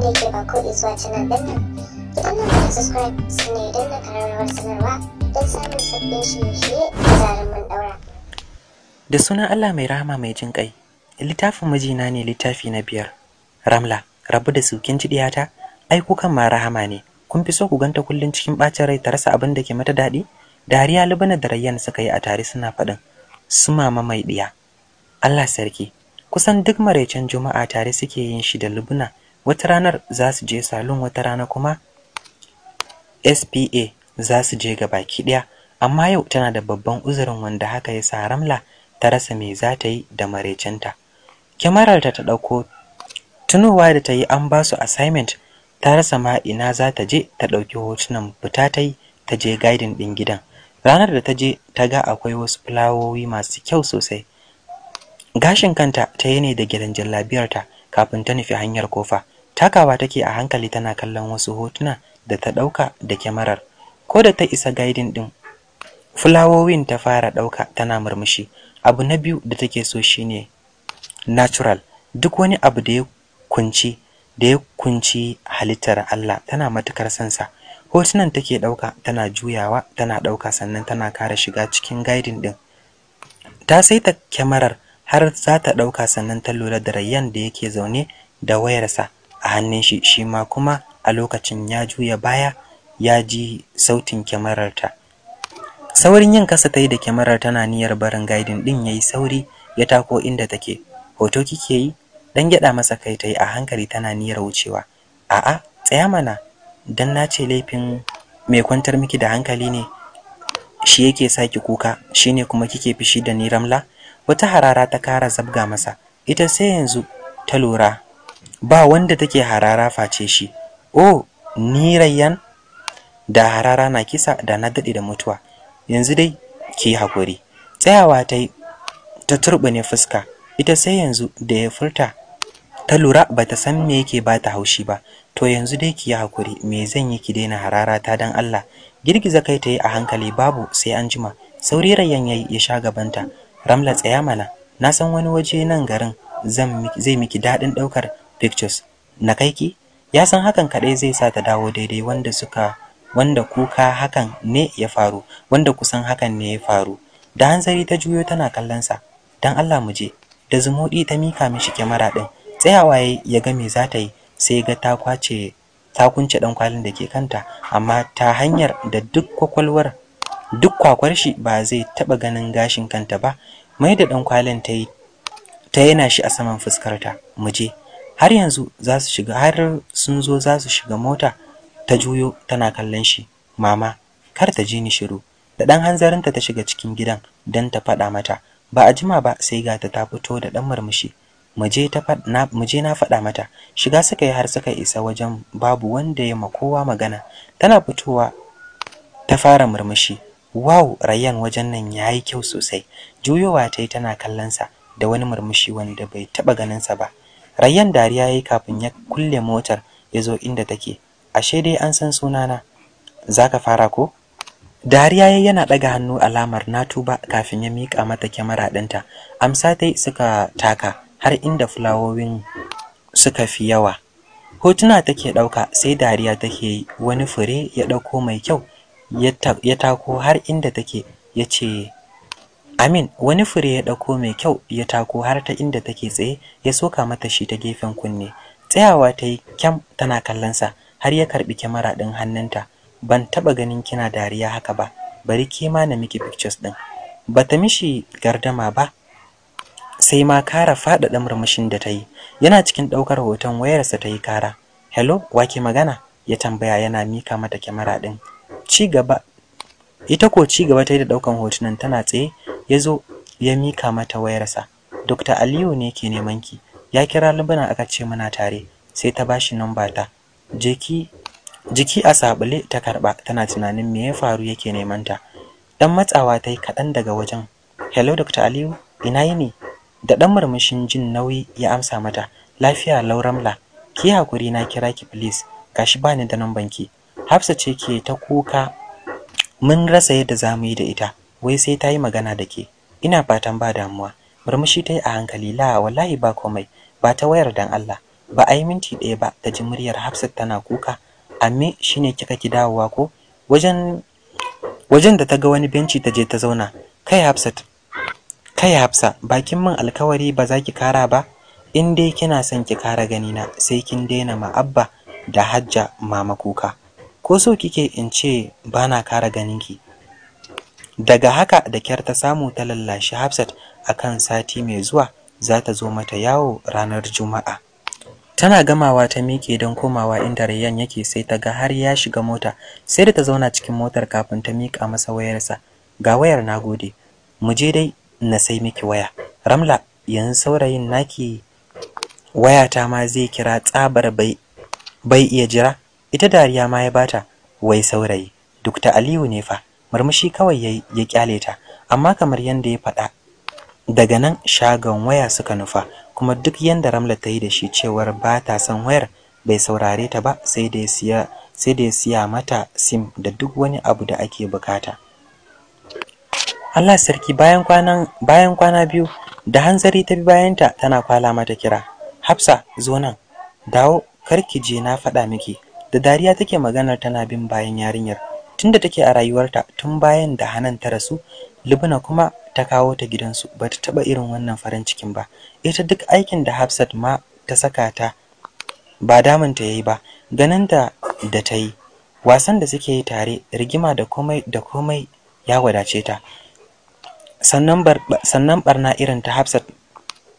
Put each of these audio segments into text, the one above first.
da ba ko da sunan Allah mai rahama mai jin kai littafin mijina ne littafi na biyar ramla rabu da su kin ji diyata ai ma rahama ne kun fi so ku ganta kullun cikin bacin rai ta rasa abin da ke mata daɗi dariya libana da rayyan suka yi a tare suna faɗin su mama mai diya Allah sarki kusan duk maraicen juma'a tare suke yin shi da lubuna wata ranar za su je salon wata rana kuma SPA za su je ga baki ɗaya amma yau tana da babban uzurin wanda haka ya sa Ramla ta rasa me za ta yi da marecinta. Kyamararta ta ɗauko tunowa da ta yi an ba su assignment ta rasa ma ina za ta je ta ɗauki hotunan fita ta yi ta je guiding ɗin gidan. Ranar da ta je ta ga akwai wasu fulawowi masu kyau sosai. Gashin kanta ta yi ne da gidan jallabiyarta kafin ta nufi hanyar kofa. takawa take a hankali tana kallon wasu hotuna da ta ɗauka da kyamarar ko da ta isa gaidin ɗin fulawowin ta fara ɗauka tana murmushi abu na biyu da take so shine natural duk wani abu da ya kunci da ya kunci halittar Allah tana matukar sonsa, hotunan take ɗauka tana juyawa tana ɗauka sannan tana kara shiga cikin gaidin ɗin ta saita kyamarar har za ta ɗauka sannan ta lura da rayyan da yake zaune da wayarsa a hannun shi shi ma kuma a lokacin ya juya baya ya ji sautin kyamararta saurin yin kasa ta yi da kyamarar tana niyyar barin gaidin din ya yi sauri ya tako inda take hoto kike yi dan gyada masa kai ta yi a hankali tana niyyar wucewa a'a tsaya mana dan na ce laifin mai kwantar miki da hankali ne shi yake saki kuka shine kuma kike fishi da ni ramla wata harara ta kara zabga masa ita sai yanzu ta lura ba wanda take harara face shi oh ni rayyan da harara na kisa da na daɗe da mutuwa yanzu dai ki hakuri tsayawa ta ta turbine fuska ita sai yanzu da ya furta ta lura bata san me yake bata haushi ba to yanzu dai ki hakuri me zan yi ki daina harara ta dan Allah girgiza kai ta a hankali babu sai an jima sauri rayyan yayi ya sha gabanta ramla tsaya mana na san wani waje nan garin zan zai miki daɗin ɗaukar pictures na kaiki ya san hakan kadai zai sa ta dawo daidai wanda suka wanda kuka hakan ne ya faru wanda kusan hakan ne ya faru da hanzari ta juyo tana kallon sa dan Allah mu je da zumudi ta mika mishi kyamara din tsayawa ya ga me za ta yi sai ga ta kwace ta kunce dan kwalin da ke kanta amma ta hanyar da duk kwakwalwar duk kwakwar shi ba zai taba ganin gashin kanta ba mai da dan kwalin ta yi ta yana shi a saman fuskarta mu je har yanzu za su shiga har sun zo za su shiga mota ta juyo tana kallon shi mama kar ta ji ni shiru da ɗan hanzarinta ta shiga cikin gidan dan ta faɗa mata ba a jima ba sai ga ta ta fito da ɗan murmushi muje na faɗa mata shiga suka yi har suka isa wajen babu wanda ya makowa magana tana fitowa ta fara murmushi wow rayan wajen nan yayi kyau sosai juyowa ta tana kallon sa da wani murmushi wanda bai taɓa ganinsa ba Rayyan dariya yayi kafin ya kulle motar ya zo inda take. Ashe dai an san sunana. Zaka fara ko? Dariya yayi yana daga hannu alamar na tuba kafin ya mika mata kyamara ɗinta. Amsa tai suka taka har inda fulawowin suka fi yawa. Hotuna take ɗauka sai dariya take yi wani fure ya ɗauko mai kyau ya tako har inda take ya ce Amin wani fure ya dauko mai kyau ya tako har ta inda take tsaye ya soka mata shi ta gefen kunne. Tsayawa ta yi kyam tana kallon sa. har ya karɓi kyamara din hannunta. Ban taɓa ganin kina dariya haka ba, bari ke ma na miki pictures ɗin. Bata mishi gardama ba, sai ma kara faɗaɗa murmushin da ta yi. Yana cikin ɗaukar hoton wayarsa ta yi kara. Hello, wake magana? ya tambaya yana mika mata kyamara din. Ci gaba, ita ko ci gaba ta yi da ɗaukar hotunan tana tsaye ya zo ya mika mata wayarsa Dr. Aliyu ne ke neman ki ya kira lubuna aka ce muna tare sai ta bashi namba ta jeki jiki a sabule ta karba tana tunanin me ya faru yake neman ta dan matsawa tai kaɗan daga wajen hello Dr. Aliyu ina yi ne? da ɗan murmushin jin nauyi ya amsa mata lafiya lauramla ki hakuri na kira ki please gashi bani da namban ki Hafsa ce ke ta kuka mun rasa yadda za mu yi da ita wai sai ta yi magana da ke ina fatan ba damuwa murmushi ta yi a hankali la wallahi ba komai ba ta wayar dan Allah ba a yi minti ɗaya ba ta ji muryar Hafsat tana kuka amme shine kika ki dawowa ko wajen wajen da ta ga wani benci ta je ta zauna kai Hafsat kai Hafsa bakin min alkawari ba za ki kara ba in dai kina son ki kara gani na sai kin daina ma'abba da hajja mama kuka ko so kike in ce bana kara ganinki daga haka da kyar ta samu ta lallashi hafsat a kan sati mai zuwa za ta zo mata yawo ranar juma'a tana gamawa ta miƙe don komawa inda rayyan yake sai ta ga har ya shiga mota sai da ta zauna cikin motar kafin ta miƙa masa wayarsa ga wayar na gode mu je dai na sai miki waya ramla yanzu saurayin naki wayata ma zai kira tsabar bai iya jira ita dariya ma ya bata wai saurayi duk ta aliyu ne fa murmushi kawai yayi ya kyale ta amma kamar yanda ya faɗa daga nan shagon waya suka nufa kuma duk yanda Ramla ta yi da shi cewar ba ta son wayar bai saurare ta ba sai da ya siya sai da ya siya mata sim da duk wani abu da ake bukata Allah sarki bayan kwanan bayan kwana biyu da hanzari ta bi bayanta tana kwala mata kira Hafsa zo nan dawo karki je na faɗa miki da dariya take maganar tana bin bayan yarinyar tunda take a rayuwarta tun bayan da Hanan ta rasu Libna kuma ta kawo ta gidansu bata taba irin wannan farin cikin ba ita duk aikin da Hafsat ma ta saka ta ba damun ta yayi ba ganin ta da ta yi wasan da suke yi tare rigima da komai da komai ya wadace ta sannan bar sannan barna irin ta Hafsat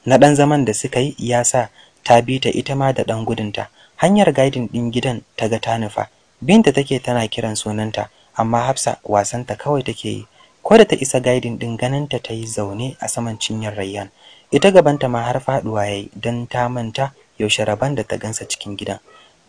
na dan zaman da suka yi ya sa ta bi ta ita ma da dan gudunta hanyar gaidin din gidan ta ga ta nufa Binta take tana kiran sunanta, amma Hafsa wasanta kawai take yi. Ko da ta isa gaidin din ganinta ta yi zaune a saman cinyar Rayyan. Ita gabanta ma har faduwa yayi dan ta manta yaushe raban da ta gansa cikin gidan.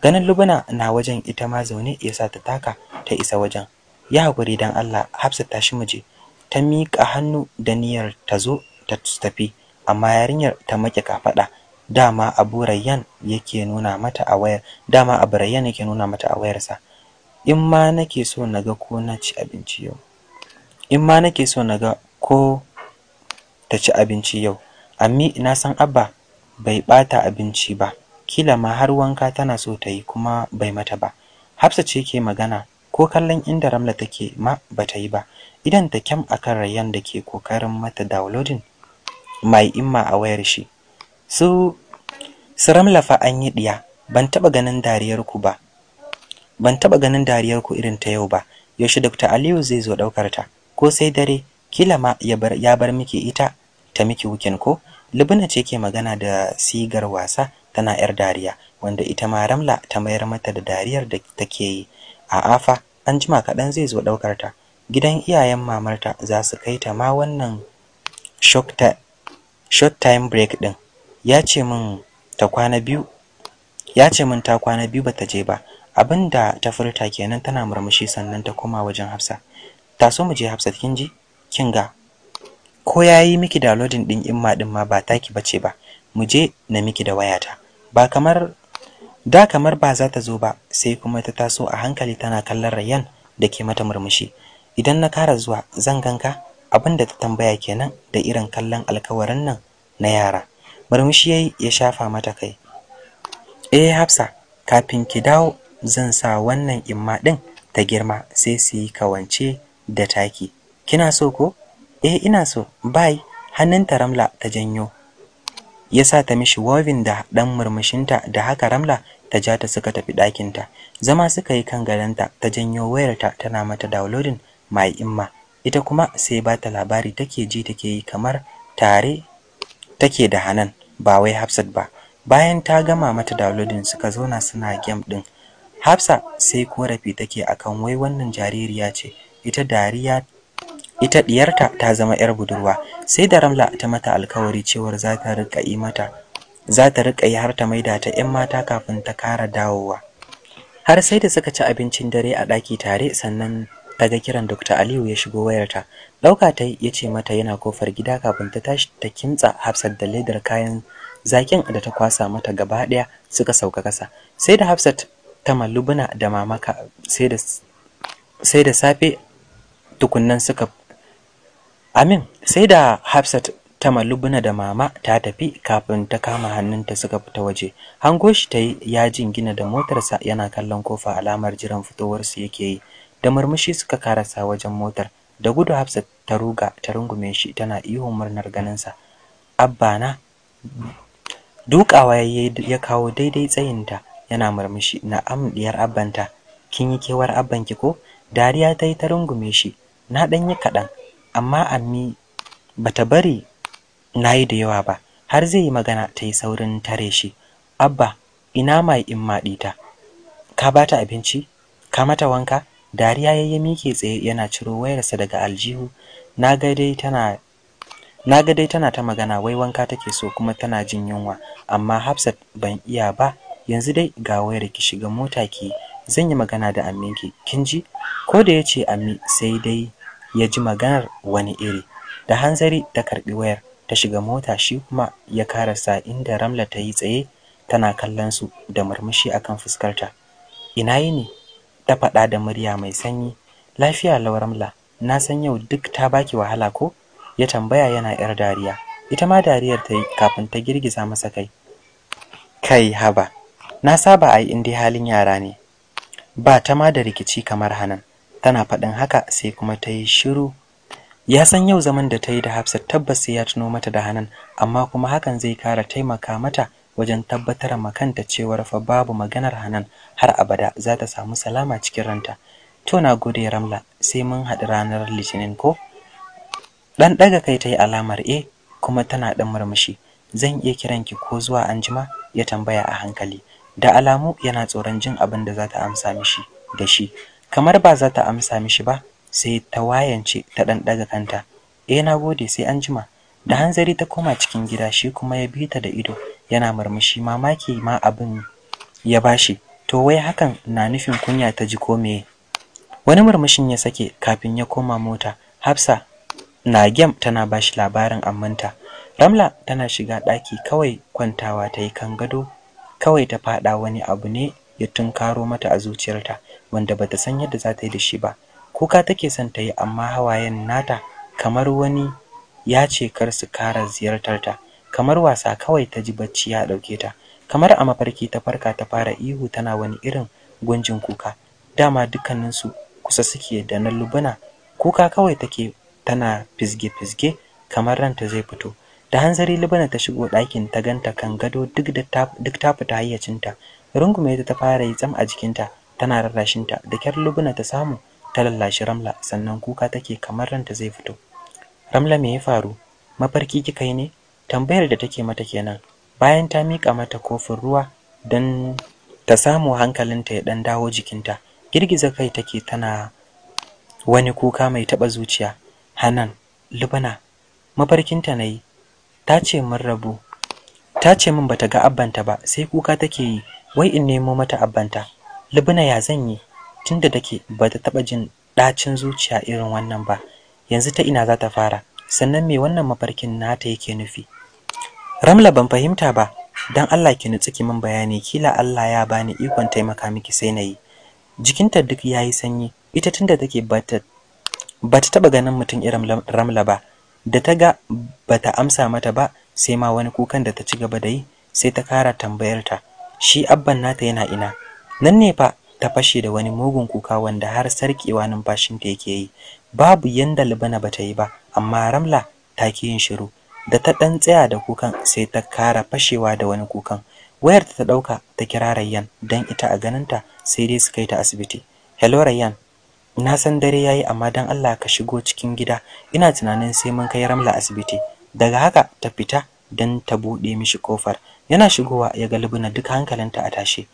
Ganin Lubuna na wajen ita ma zaune yasa ta taka ta isa wajen. Ya hakuri dan Allah Hafsa ta shi muje. Ta miƙa hannu da niyyar ta zo ta tafi, amma yarinyar ta make kafaɗa. dama Abu Rayyan yake nuna mata a wayar dama Abu Rayyan yake nuna mata a wayarsa in ma nake so naga ko na ci abinci yau in ma nake so naga ko ta ci abinci yau ammi na san abba bai bata abinci ba kila ma har wanka tana so ta yi kuma bai mata ba Hafsa ce ke magana ko kallon inda Ramla take ma bata yi ba idan ta kyam akan Rayyan da ke kokarin mata downloading mai imma a wayar shi su su ramlafa an yi ɗiya? ban taɓa ganin dariyar ku ba ban taɓa ganin dariyar irin ta yau ba yaushe Dr. Aliyu zai zo ɗaukar ta ko sai dare kila ma ya bar miki ita ta miki wukin ko Lubna ce ke magana da sigar wasa tana yar dariya wanda ita ma Ramla ta mayar mata da dariyar da take yi a afa an jima kaɗan zai zo ɗaukar ta gidan iyayen mamarta za su kai ta ma wannan short time break ɗin ya ce min ta kwana biyu ya min ta kwana biyu bata je ba abinda ta furta kenan tana murmushi sannan ta koma wajen Hafsa ta so mu je Hafsa kin ji kin ga ko yayi miki downloading din imma din ma ba taki bace ba mu je na miki da wayata ba kamar da kamar ba za ta zo ba sai kuma ta taso a hankali tana kallon Rayyan da ke mata murmushi idan na kara zuwa zan ganka abinda ta tambaya kenan da irin kallon alkawarin nan na yara murmushi yayi ya shafa mata kai eh hafsa kafin ki dawo zan sa wannan imma din ta girma sai su yi kawance da taki kina so ko eh ina so bai ta ramla ta janyo ya sa ta mishi wovin da dan murmushinta da haka ramla ta ja ta suka tafi ɗakinta zama suka yi kan gadonta ta janyo wayarta tana mata downloading mai imma ita kuma sai ba ta labari take ji take yi kamar tare take da hanan ba wai Hafsat ba bayan ta gama mata downloading suka zauna suna game din Hafsa sai korafi take akan wai wannan jaririya ce ita dariya ita diyarta ta zama yar budurwa sai da Ramla ta mata alkawari cewar za ta rika yi mata za ta rika yi har ta maida ta 'yan mata kafin ta kara dawowa har sai da suka ci abincin dare a ɗaki tare sannan daga kiran Dr. Aliyu ya shigo wayarta Dauka ta ya ce mata yana kofar gida kafin ta tashi ta kimtsa hafsat da ledar kayan zakin da ta kwasa mata gaba ɗaya suka sauka kasa sai da hafsat ta mallubuna da mamaka sai da sai da safe tukunnan suka amin sai da hafsat ta mallubuna da mama ta tafi kafin ta kama hannunta suka fita waje hango shi ta yi ya jingina da motarsa yana kallon kofa alamar jiran fitowarsu yake yi da murmushi suka karasa wajen motar da gudu hafsat ta ruga ta rungume shi tana ihun murnar ganinsa abba na dukawa ya kawo daidai tsayinta yana murmushi na diyar abbanta kin yi kewar abbanki ko dariya ta yi ta rungume shi na ɗan yi kaɗan amma ammi bata bari nayi da yawa ba har zai yi magana ta yi saurin tare shi abba ina mai in ta? ka bata abinci ka mata wanka dariya ya yi miƙe tsaye yana ciro wayarsa daga aljihu na ga dai tana ta magana wai wanka take so kuma tana jin yunwa amma Hafsat ban iya ba yanzu dai ga wayar ki shiga mota ki zan yi magana da amminki kin ji ko da yace ammi sai dai ya ji maganar wani iri da hanzari ta karbi wayar ta shiga mota shi kuma ya karasa inda Ramla ta yi tsaye tana kallon su da murmushi akan fuskarta ina ne? ta faɗa da murya mai sanyi. Lafiya lauramla, na san yau duk ta baki wahala ko? Ya tambaya yana ‘yar dariya. Ita ma dariyar ta yi kafin ta girgiza masa kai. Kai haba, na saba a yi dai halin yara ne. Ba ta ma da rikici kamar hanan. Tana faɗin haka sai kuma ta yi shiru. Ya san yau zaman da ta yi da Hafsat tabbas sai ya tuno mata da hanan, amma kuma hakan zai kara taimaka mata wajen tabbatar ma kanta cewar fa babu maganar Hanan har abada za ta samu salama cikin ranta. To na gode Ramla sai mun haɗu ranar Litinin ko? Dan ɗaga kai ta yi alamar E kuma tana ɗan murmushi. Zan iya kiranki ko zuwa anjima ya tambaya a hankali. Da alamu yana tsoron jin abin da za ta amsa mishi da shi. Kamar ba za ta amsa mishi ba sai ta wayance ta ɗan ɗaga kanta. E na gode sai anjima. Da hanzari ta koma cikin gida shi kuma ya bi ta da ido. yana murmushi mamaki ma abin ya bashi to wai hakan na nufin kunya ta ji ko meye wani murmushin ya sake kafin ya koma mota hafsa na gem tana bashi labarin ammanta ramla tana shiga ɗaki kawai kwantawa ta yi kan gado kawai ta faɗa wani abu ne ya tunkaro mata a zuciyarta wanda bata san yadda za ta yi da shi ba kuka take son ta yi amma hawayen nata kamar wani ya ce kar su kara ta. kamar wasa kawai ta ji bacci ya ɗauke ta kamar a mafarki ta farka ta fara ihu tana wani irin gunjin kuka dama dukkaninsu kusa suke da na lubuna kuka kawai take tana fizge-fizge kamar ranta zai fito da hanzari lubuna ta shigo ɗakin ta ganta kan gado duk ta fita hayyacinta rungume ta ta fara yi tsam a jikinta tana rarrashinta da kyar lubuna ta samu ta lallashi ramla sannan kuka take kamar ranta zai fito ramla me ya faru mafarki kika yi ne tambayar da take mata kenan bayan ta miƙa mata kofin ruwa don ta samu hankalinta ya ɗan dawo jikinta girgiza kai take tana wani kuka mai taɓa zuciya hanan lubana mafarkinta na yi ta ce min rabu ta ce min bata ga abbanta ba sai kuka take yi wai in nemo mata abbanta lubana ya zan yi tunda take bata taɓa jin ɗacin zuciya irin wannan ba yanzu ta ina za ta fara sannan me wannan mafarkin nata yake nufi Ramla ban fahimta ba, don Allah ki nutsu ki min bayani kila Allah ya bani ikon taimaka miki sai na yi. Jikinta duk yayi sanyi, ita tunda take bata bata taba ganin mutum irin Ramla ba, da ta ga bata amsa mata ba sai ma wani kukan da ta ci gaba da yi sai ta kara tambayarta. Shi abban nata yana ina. Nan ne fa ta fashe da wani mugun kuka wanda har sarkewa numfashinta yake yi. Babu yanda Libana bata yi ba, amma Ramla ta ki yin shiru. da ta ɗan tsaya da kukan sai ta kara fashewa da wani kukan wayar ta ɗauka ta kira Rayyan dan ita a ganinta sai dai su kai ta asibiti hello Rayyan na san dare yayi amma dan Allah ka shigo cikin gida ina tunanin sai mun kai Ramla asibiti daga haka ta fita dan ta buɗe mishi kofar yana shigowa ya ga Lubna duk hankalinta a tashe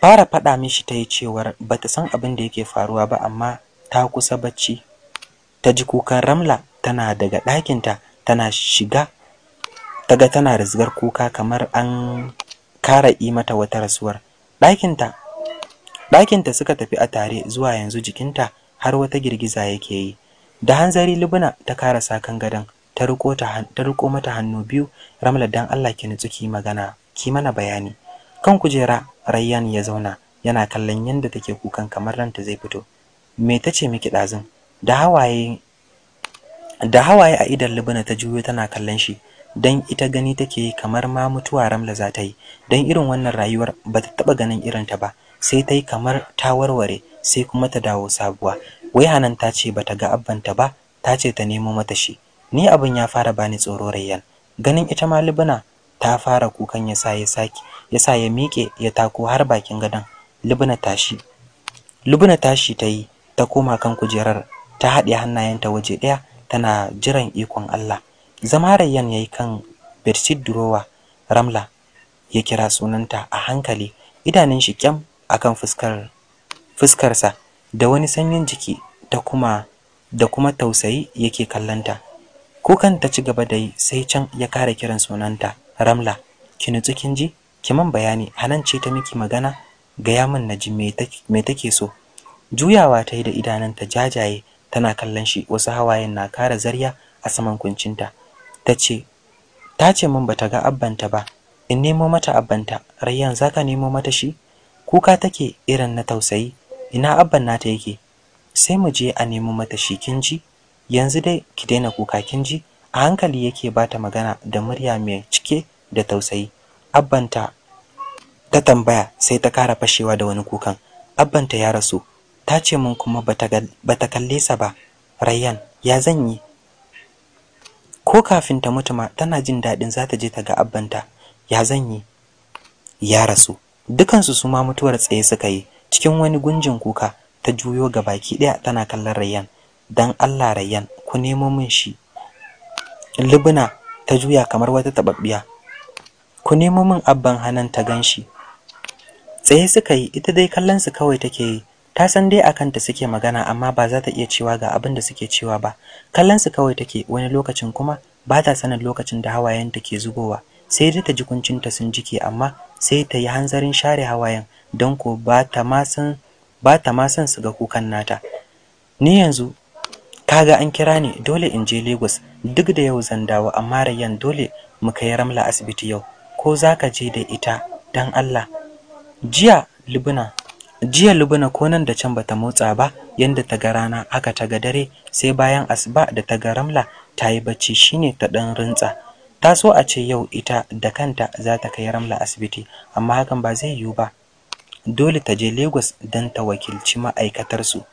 fara faɗa mishi ta yi cewar bata san abin da yake faruwa ba amma ta kusa bacci ta ji kukan Ramla tana daga ɗakinta tana shiga taga tana rizgar kuka kamar an kara yi mata wata rasuwar ɗakinta ɗakinta suka tafi a tare zuwa yanzu jikinta har wata girgiza yake yi da hanzari libuna ta kara sakan gadon ta riko mata hannu biyu ramla dan Allah ki nutsu ki magana ki mana bayani kan kujera Rayyan ya zauna yana kallon yadda take kukan kamar ranta zai fito me tace miki ɗazun? da hawaye da hawaye a idan libina ta juyo tana kallon shi dan ita gani take kamar ma mutuwa ramla za ta yi dan irin wannan rayuwar ba ta taba ganin irin ta ba sai ta yi kamar ta warware sai kuma ta dawo sabuwa wai hanan ta ce ba ta ga abbanta ba ta ce ta nemo mata shi ni abin ya fara bani tsoro rayyan ganin ita ma libina ta fara kukan ya sa ya saki ya sa ya miƙe ya tako har bakin gadon libina tashi libina tashi ta yi ta koma kan kujerar ta haɗe hannayenta waje ɗaya tana jiran ikon Allah zama Rayyan yi kan bedsheet durowa Ramla ya kira sunanta a hankali idanun shi kyam akan fuskar fuskarsa da wani sanyin jiki ta kuma da kuma tausayi yake kallanta kukan ta ci gaba da yi sai can ya kara kiran sunanta Ramla ki nutsu kin ji ki man bayani hanan ce ta miki magana gaya min najimi me take so juyawa ta yi da idananta jajaye tana kallon shi wasu hawayen na kara zarya a saman kuncinta tace ta ce min bata ga abbanta ba in nemo mata abbanta rayyan zaka nemo mata shi kuka take irin na tausayi ina abban nata yake sai mu je a nemo mata shi kinji yanzu dai ki daina kuka kinji a hankali yake bata magana da murya mai cike da tausayi abbanta ta tambaya sai ta kara fashewa da wani kukan abbanta ya rasu ta ce min kuma bata kalle sa ba rayyan ya zan yi ko kafin ta mutu ma tana jin daɗin za ta je ta ga abbanta ya zan yi ya rasu dukansu su ma mutuwar tsaye suka yi cikin wani gunjin kuka ta juyo ga baki ɗaya tana kallon rayyan dan allah rayyan ku nemo min shi libina ta juya kamar wata taɓaɓɓiya ku nemo min abban hanan ta ganshi. tsaye suka yi ita dai kallon su kawai take yi ta san dai a kanta suke magana amma ba za ta iya cewa ga abin da suke cewa ba kallon su kawai take wani lokacin kuma ba ta sanin lokacin da hawayen ta ke zubowa sai dai ta ji kuncin ta sun jike amma sai ta yi hanzarin share hawayen don ko ba ta ma san ba ta ma san su ga kukan nata ni yanzu kaga an kira ni dole in je Lagos duk da yau zan dawo amma Rayyan dole mu kai Ramla asibiti yau ko zaka je da ita dan Allah jiya libuna jiya lubuna ko nan da can bata motsa ba yanda ta ga rana haka ta dare sai bayan asuba da ta ga ramla ta yi bacci shine ta dan rintsa ta so a ce yau ita da kanta za ta kai ramla asibiti amma hakan ba zai yiwu ba dole ta je lagos don ta wakilci su.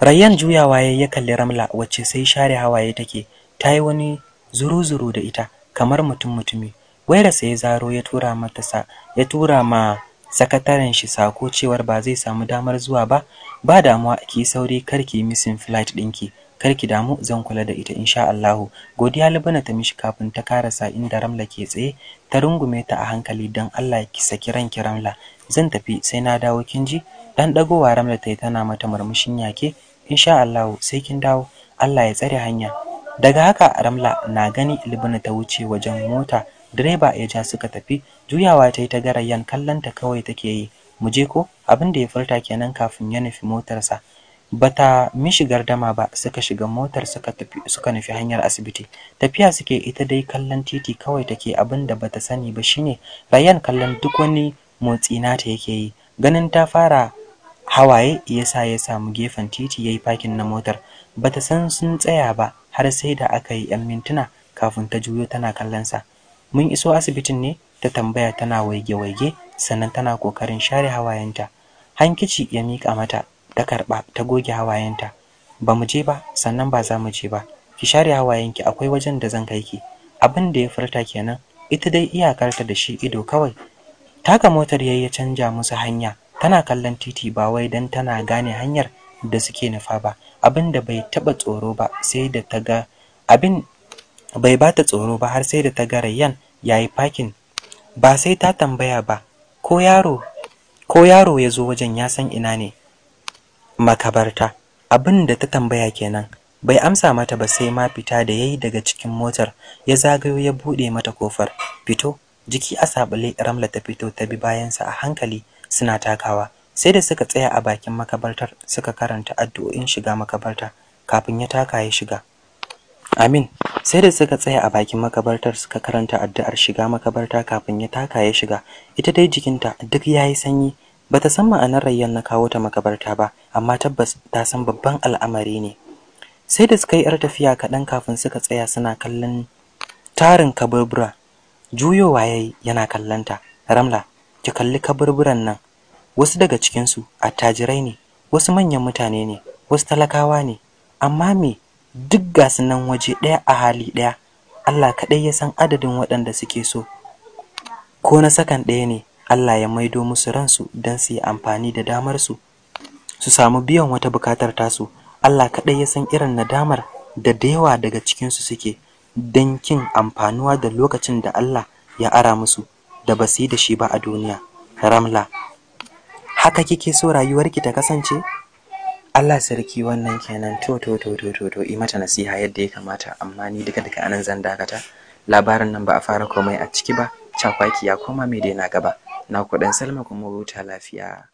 rayyan juyawa ya ya kalli ramla wacce sai share hawaye take ta yi wani zuru-zuru da ita kamar mutum mutumi waira ya zaro ya tura mata sa ya tura ma sakataren shi sako cewar ba zai samu damar zuwa ba ba damuwa ki sauri kar ki missing flight ɗinki kar ki damu zan kula da ita insha Allah godiya libana ta mishi kafin ta karasa inda Ramla ke tsaye ta rungume ta a hankali dan Allah ki saki ranki Ramla zan tafi sai na dawo kin ji dan dagowa Ramla tayi tana mata murmushin yake insha Allah sai kin dawo Allah ya tsare hanya daga haka Ramla na gani libana ta wuce wajen mota direba ya ja suka tafi juyawa ta yi ta garayyan kallon ta kawai take yi mu je ko abin da ya furta kenan kafin ya nufi motarsa bata mishi dama ba suka shiga motar suka tafi suka nufi hanyar asibiti tafiya suke ita dai kallon titi kawai take abin da bata sani ba shine Rayyan kallon duk wani motsi nata yake yi ganin ta fara hawaye yasa ya samu gefen titi yayi fakin na motar bata san sun tsaya ba har sai da aka yi 'yan mintuna kafin ta juyo tana kallon sa mun iso asibitin ne ta tambaya tana waige-waige sannan tana kokarin share hawayenta hankici ya mika mata ta karɓa ta goge hawayenta ba mu je ba sannan ba za mu je ba ki share hawayenki akwai wajen da zan kai ki abin da ya furta kenan ita dai iyakarta da shi ido kawai taka motar yayi ya canja musu hanya tana kallon titi ba wai dan tana gane hanyar da suke nufa ba abin da bai taba tsoro ba sai da ta ga abin bai ba ta tsoro ba har sai da ta ga rayyan ya yi fakin ba sai ta tambaya ba ko yaro ya zo wajen ya san ina ne makabarta abin da ta tambaya kenan bai amsa mata ba sai ma fita da yayi daga cikin motar ya zagayo ya bude mata kofar fito jiki a sabale ramla ta fito ta bi bayansa a hankali suna takawa sai da suka tsaya a bakin makabartar suka karanta addu'o'in shiga makabarta kafin ya taka ya shiga amin sai da suka tsaya a bakin makabartar suka karanta addu'ar shiga makabarta kafin ya taka ya shiga ita dai jikinta duk yayi sanyi bata san ma'anar rayyan na kawo ta makabarta ba amma tabbas ta san babban al'amari ne sai da suka yi yar tafiya kaɗan kafin suka tsaya suna kallon tarin kaburbura juyowa yayi yana kallonta ramla ki kalli kaburburan nan wasu daga cikinsu attajirai ne wasu manyan mutane ne wasu talakawa ne amma me duk ga su nan waje ɗaya a hali ɗaya Allah kaɗai ya san adadin waɗanda suke so ko na sakan ɗaya ne Allah ya maido musu ransu don su yi amfani da damarsu su samu biyan wata bukatar tasu Allah kaɗai ya san irin nadamar da da yawa daga cikinsu suke don kin amfanuwa da lokacin da Allah ya ara musu da ba yi da shi ba a duniya ramla haka kike so rayuwarki ta kasance Allah sarki wannan kenan to to to to to yi mata nasiha yadda ya kamata amma ni duka duka anan zan dakata labarin nan ba a fara komai a ciki ba cakwaki ya koma mai daina gaba na kuɗin salma kuma huta lafiya